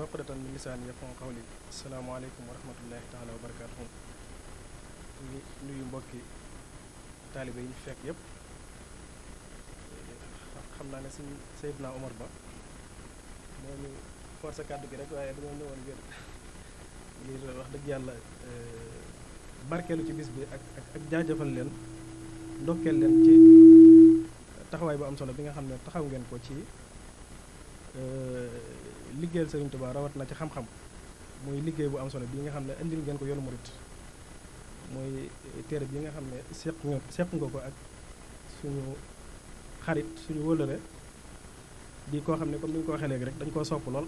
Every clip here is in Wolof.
wal uqdatan min lisaani yafqahu qawli asalaamaaleykum wa rahmatullahi taala wa barakaatuhu ñu nuyu mbokki taalibe yi ñu fekk yëpp xam naa ne suñ Seydina Omar Ba moo ñu force kàddu gi rek waaye dañoo ñëwoon ngir ngir wax dëgg yàlla euh, barkeelu ci bis bi ak jaajafal ak leen ndokkeel leen ci taxawaay bu am solo bi nga xam ne taxaw ngeen ko ci. Euh, liggéeyal Sëriñ Tuubaa rawat na ci xam-xam muy liggéey bu am solo bii nga xam ne andil ngeen ko yoonu murit mooy téere bi nga xam ne seq nga nga ko ak suñu xarit suñu wëllëre di koo xam ne comme ni nga ko waxee léegi rek dañ koo sopp lool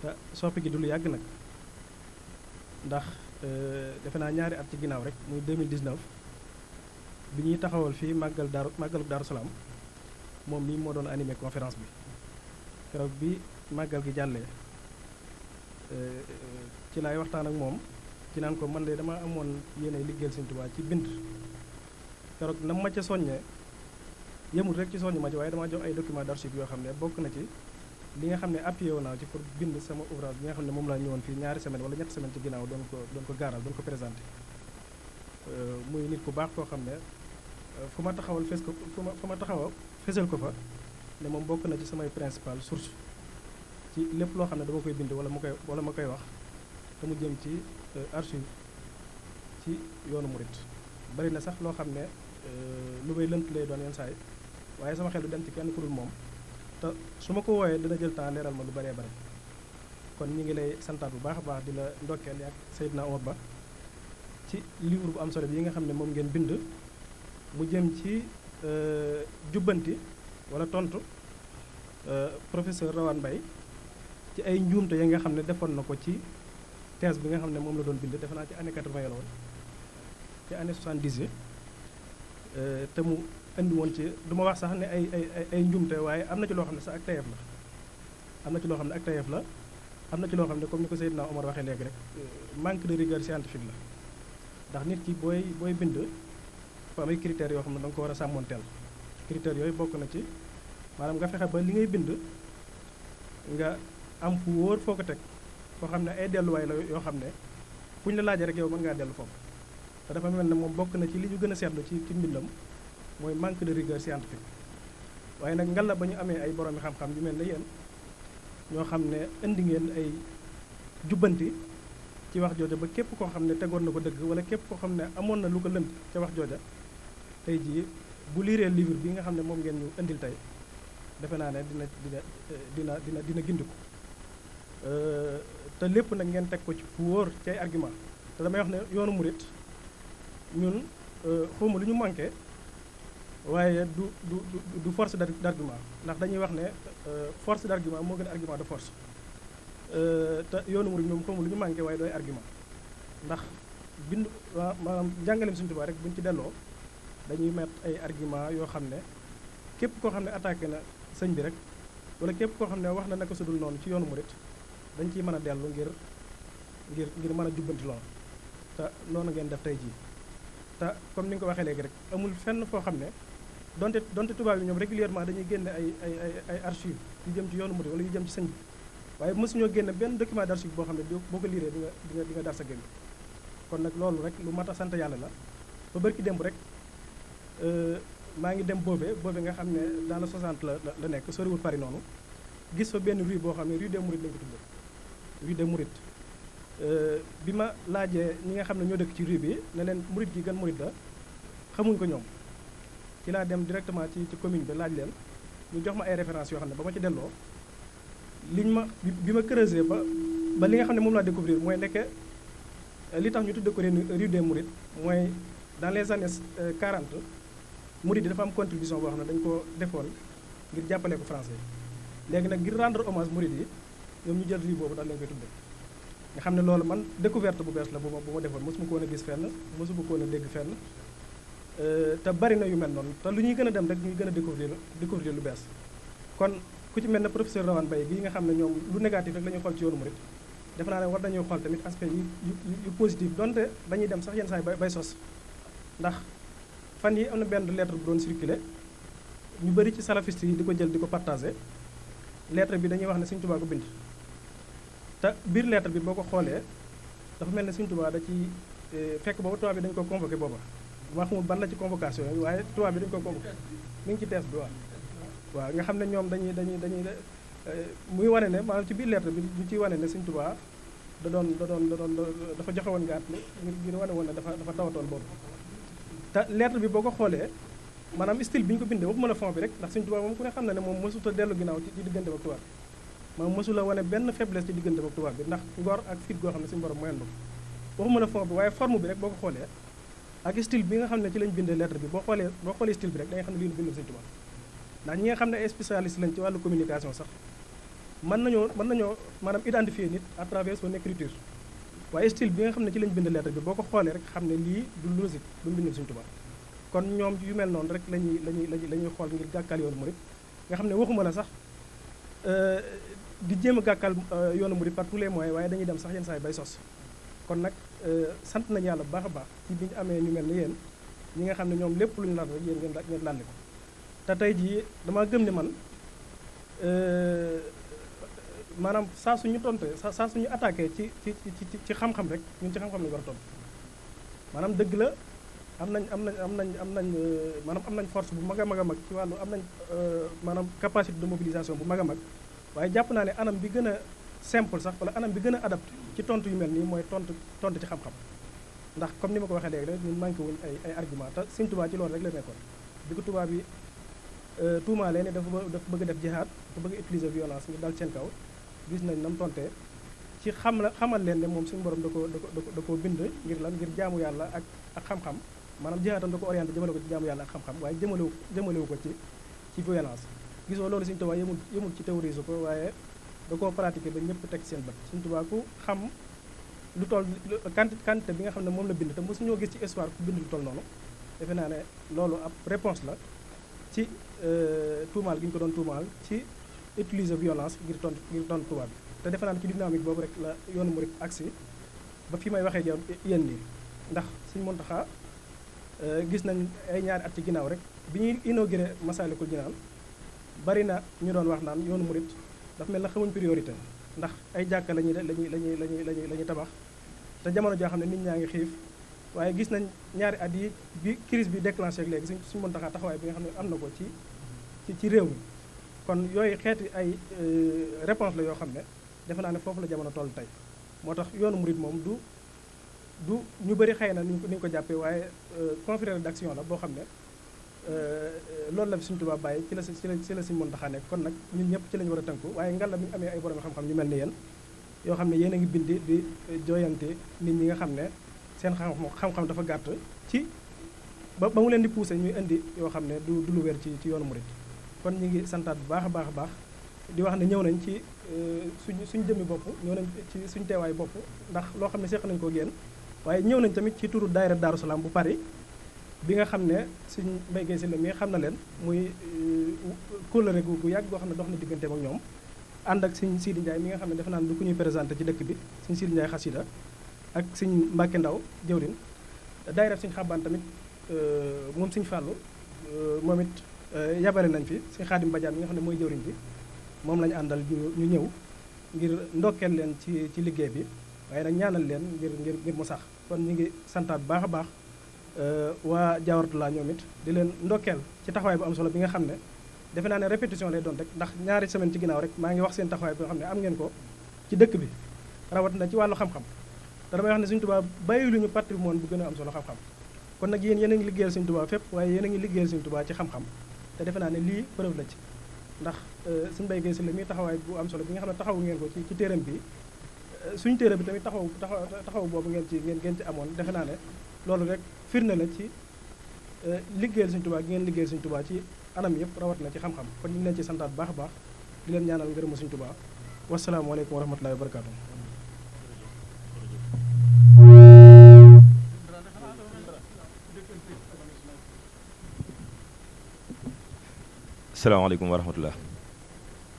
te du lu yàgg nag ndax euh, defe naa ñaari at ci ginnaaw rek muy 2019 bi ñuy taxawal fii màggal daaru màggalu daaru salaam moom lii moo doon animé conférence bi keroog bi màggal gi jàllee euh, ci laay waxtaan ak moom ci naan ko man lay dama amoon yéene liggéey Sëñ Tuubaa ci bind keroog nam ma ca soññee yemul rek ci soññ ma ci waaye damaa jox ay document d'archive yoo xam ne bokk na ci li nga xam ne appuyé wu ci pour bind sama ouvrage bi nga xam ne moom laa ñëwoon fii ñaari semaine wala ñetti semaine ci ginnaaw doon ko ko gaaral doon ko présenté euh, muy nit ku baax koo xam ne euh, fu ma taxawal fes ko fu ma fu ma taxawa fesal ko fa ne moom bokk na ci samay principal source ci lépp loo xam ne dama koy bind wala ma koy wala ma koy wax te mu jëm ci euh, archive ci yoonu murit bari na sax loo xam ne euh, lu may lënt lay doon yenn waaye sama xel du dem ci kenn pour moom te su ma ko wooyee dina jël temps leeral ma lu baree bari kon ñu ngi lay santaat bu baax a baax di la ndokkeel ak Seydina Omar Ba ci livre bu am solo bi yi nga xam ne moom ngeen bind mu jëm ci euh, jubbanti wala tontu professeur Rawane mbay ci ay njuumte ya nga xam ne defoon na ko ci thèse bi nga xam ne moom la doon bind defe naa ci année 80 la woon ci année 70 euh, te mu indi woon ci du wax sax ne ay ay ay njuumte waaye am na ci loo xam ne ak tayeef la am na ci loo xam ne ak tayeef la am na ci loo xam ne comme ni ko Seydina Omar waxee léegi rek manque de rigueur scientifique la ndax nit ki booy booy bind fa am yoo xam ne danga ko war a sàmmoonteel critères yooyu bokk na ci maanaam nga fexe ba li ngay bind nga am fu foo ko teg foo xam ne ay delluwaay la yoo xam ne kuñ la laajee rek yow mën ngaa dellu foofu te dafa mel ne moom bokk na ci li ñu gën a seetlu ci ci mbindam mooy manque de rigueur scientifique waaye nag la ba ñu amee ay boroomi xam-xam yu mel ne yéen ñoo xam ne indi ngeen ay jubbanti ci wax jooja ba képp koo xam ne tegoon na ko dëgg wala képp koo xam ne amoon na lu ko lënt ca wax jooja tey jii bu liiree livre bi nga xam ne moom ngeen ñu indil tey defe naa ne dina dina dina dina dina gindiku te lépp nag ngeen teg ko ci fu wóor ci ay argument te damay wax ne yoonu murit ñun euh, xawma lu ñu manqué waaye du du du force d'argument ndax dañuy wax ne euh, force d'argument moo gën argument de force euh, te yoonu murit ñoom xawma lu ñu manqué waaye dooy argument ndax bind ma jàngaleem Sëriñ Tuubaa rek ñu ci delloo dañuy met ay argument yoo xam ne képp koo xam ne attaqué na sëñ bi rek wala képp koo xam ne wax na naka sudul noonu ci yoonu murit dañu ciy mën a dellu ngir ngir ngir mën a jubbanti lool te noonu ngeen def tey jii te comme ni nga ko waxee léegi rek amul fenn foo xam ne donte donte tubaab yi ñoom régulièrement dañuy génne ay ay ay ay archives yu jëm ci yoonu mu murid wala yu jëm ci sëñ bi waaye ñoo génne benn document d'archive boo xam ne boo ko liiree di nga di nga di nga dar kon nag loolu rek lu mat a sant yàlla la ba barki démb rek euh, maa ngi dem boobe boobe nga xam ne dans le 60 la la nekk soriwul pare noonu gis fa benn rue boo xam ne rue des Mourides lañ ko tuddee rue des Mourides euh, bi ma laajee ñi nga xam ne ñoo dëkk ci rue bi ne leen Mouride gi gan Mouride la xamuñ ko ñoom ci laa dem directement ci ci commune bi laaj leen ñu jox ma ay références yoo xam ne ba ma ci delloo li ñu ma bi ma creuser ba ba li nga xam ne moom laa découvrir mooy nekk euh, li tax ñu tudd ko rue des Mourides mooy dans les années 40 euh, Mouride dafa am contribution boo xam ne dañ ko defoon ngir jàppale ko français léegi nag ngir rendre hommage Mouride yi. ñoom ñu jël riz boobu daal leen koy tudde nga xam ne loolu man découverte bu bees la bu ma bu ma defoon mosuma ko woon gis fenn mosuma ko woon a dégg fenn euh, te bari na yu mel noonu te lu ñuy gën a dem rek ñuy gën a découvrir découvrir lu bees kon ku ci mel ne professeur Rawane Baye bii nga xam ne ñoom lu négatif rek la ñuy xool ci yoonu murit defe naa ne war nañoo xool tamit aspect yu yu positif donte dañuy dem sax yenn saa yi bay bay sos ndax fan yi am na benn lettre bu doon circulé ñu bëri ci salafiste yi di ko jël di ko partagé lettre bi dañuy wax ne Sëñ Tuubaa bind te biir lettre bi boo ko xoolee dafa mel ne Sëriñ Tuubaa da ci eh, fekk booba tubaab bi dañ ko convoqué booba wax mu ban la ci convocation yi waaye tubaab bi dañu ko convoqué ngi ci tees bi waaw nga xam ne ñoom dañuy dañuy dañuy eh, muy wane ne maanaam ci biir lettre bi ñu ciy wane ne Sëriñ Tuubaa da doon da doon da doon dafa joxe woon gàtt mi ngir wane woon ne dafa dafa tawatoon boobu te lettre bi boo ko xoolee maanaam style bi ñu ko bindee waxuma la fond bi rek ndax Sëriñ Tuubaa moom ku ne xam ne moom mësuta dellu ginnaaw ci diggante ma mësula wane benn faiblesse ci diggante ak tubaab bi ndax ngor ak fit goo xam ne suñu borom mayoon na ko waxuma la fond bi waaye forme bi rek boo ko xoolee ak style bi nga xam ne ci lañ bindee lettre bi boo xoolee boo xoolee style bi rek xam ne lii nu bindal suñu tubaab ndax ñi nga xam ne sax mën nañoo mën nañoo maanaam identifier nit à travers son écriture waaye style bi nga xam ne ci lañ bind lettre bi boo ko xoolee rek xam ne lii du logique du mbindum kon ñoom yu mel noonu rek lañuy lañuy lañuy la ñuy xool ngir gàkkal yoonu murit nga xam ne waxuma la sax euh, di jéem a gàkkal euh, yoonu mu par tous les moyens waaye dañuy dem sax yenn saa yi bay sos kon nag euh, sant nañ yàlla bu baax a baax ci bi ñu amee ñu mel ni yéen ñi nga xam ne ñoom lépp lu ñu laal rek yéen ngeen ngeen làlli ko te tey jii damaa gëm ne man euh, maanaam saa suñu tonte saa suñu attaqué ci ci ci ci xam-xam rek ñun ci xam-xam lañu war a tontu maanaam dëgg la am nañ am nañ am nañ am nañ maanaam am nañ force bu mag a mag a mag ci wàllu am nañ maanaam capacité de mobilisation bu mag a mag waaye jàpp naa ne anam bi gën a simple sax wala anam bi gën a adapté ci tontu yu mel nii mooy tontu tont ci xam-xam ndax comme ni ma ko waxee léegi rek ñun manqué wuñ ay ay argument te Sëñ Tuubaa ci loolu rek la nekkoon bi ko tubaab bi euh, tuumaalee ne dafa dafa bëgg def jihaad dafa bëgg utiliser violence ngir dal seen kaw gis nañ nam tontee ci xam la xamal leen ne moom suñu borom da ko da ko da koo bind ngir lan ngir jaamu yàlla ak ak xam-xam maanaam jihaatam da ko orienté jëmale ko ci jaamu yàlla ak xam-xam waaye jëmalewu jëmalewu ko ci ci violence gisoo loolu Sëñ Tuubaa yemul yemul ci théorise ko waaye da koo pratiqué ba ñëpp teg seen bët Sëñ Tuubaa ku xam lu toll quantité quantité bi nga xam ne moom la bind te mosuñoo gis ci histoire ku bind lu toll noonu defe naa ne loolu ab réponse la ci euh, tuumaal gi ñu ko doon tuumaal ci utiliser violence ngir tontu ngir tontu tubaab bi te defe naa ne ci dynamique boobu rek la yoonu murid agsi ba fi may waxee yow yéen nii ndax Sëñ Muntaxa euh, gis nañ ay ñaari at ci ginnaaw rek bi ñuy inauguré Masaalikul Jinaan bari na ñu doon wax naan yoonu murit dafa mel na xamuñ priorité ndax ay jàkka lañuy lañuy lañuy lañuy lañuy la ñuy tabax te jamono joo xam ne nit ñaa ngi xiif waaye gis nañ ñaari at yi bi crise bi déclenché ak léegi suñ suñu mën taxaa taxawaay bi nga xam ne am na ko ci ci réew mi kon yooyu xeeti ay euh, réponse la yoo xam ne defe naa ne foofu la jamono toll tey moo tax yoonu murit moom du du ñu bëri xëy na ni ñu ko jàppee waaye euh, confrérie d'action la boo xam ne Euh, loolu la suñ tubaab bàyyi ci la si ci la si mën taxaa nekk kon nag ñun ñëpp ci la ñu war a tënku waaye ngalla bi ñu amee ay borom xam-xam ñu mel ni yéen yoo xam ne yéen a ngi bind di jooyante nit ñi nga xam ne seen xam-xam dafa gàtt ci ba ba mu leen di poussé ñu indi yoo xam ne du du lu wér ci ci yoonu murit kon ñu ngi santaat bu baax a baax a baax di wax ne ñëw nañ ci euh, suñu suñu jëmmi bopp ñëw nañ ci suñ teewaay bopp ndax loo xam ne seeq nañ ko génn waaye ñëw nañ tamit ci turu daayira Daaru Salaam bu Paris bi nga xam ne suñ mbaygee si la mi xam na leen muy euh, kóllëre gu bu goo xam ne dox na diggante ñoom ànd ak suñ Sidi Ndiaye mi nga xam ne defe naan du ku ñuy présenté ci dëkk bi suñ Sidi Ndiaye xasida ak suñ Mbàkke Ndaw jëwrin daay suñ xabaan tamit euh, moom suñ fàllu euh, moom it yabare nañ fi suñ xaadim bajaan mi nga xam ne mooy jëwriñ bi moom lañu àndal ñu ñëw ngir ndokkeel leen ci ci liggéey bi waaye nag ñaanal leen ngir ngir mu sax kon ñu ngi santaat bu baax a baax Euh, waa Jaawartulaa ñoom it di leen ndokkeel ci taxawaay bu am solo bi nga xam ne defe naa ne répétition lay doon rek ndax ñaari semaine ci ginnaaw rek maa ngi wax seen taxawaay bi nga xam ne am ngeen ko ci dëkk bi rawat na ci wàllu xam-xam te damay wax ne Sëñ Tuubaa lu ñu patrimoine bu gën a am solo xam-xam nag yéen yéen a ngi liggéeyal Sëñ Tuubaa fépp waaye yéen a ngi liggéeyal Sëñ Tuubaa ci xam-xam ne lii preuve la ci ndax euh, suñu béygee si la muy taxawaay bu am solo bi nga xam ne taxaw ngeen ko ci ci téeram bi euh, suñu téeram bi tamit taxaw taxaw boobu ngeen ci ngeen ci amoon defe naa ne loolu rek firnde la ci euh, liggéeyal Sëñ Tuubaa gi ngeen liggéeyal Sëñ Tuubaa ci anam yëpp rawat na ci xam-xam kon ñu ngi leen ci santaat baax a baax di leen ñaanal ngërëmu Sëñ Tuubaa wasalaamualeykum wa rahmatullahi wa barakaatu. salaamaaleykum wa rahmatullah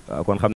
waaw kon xam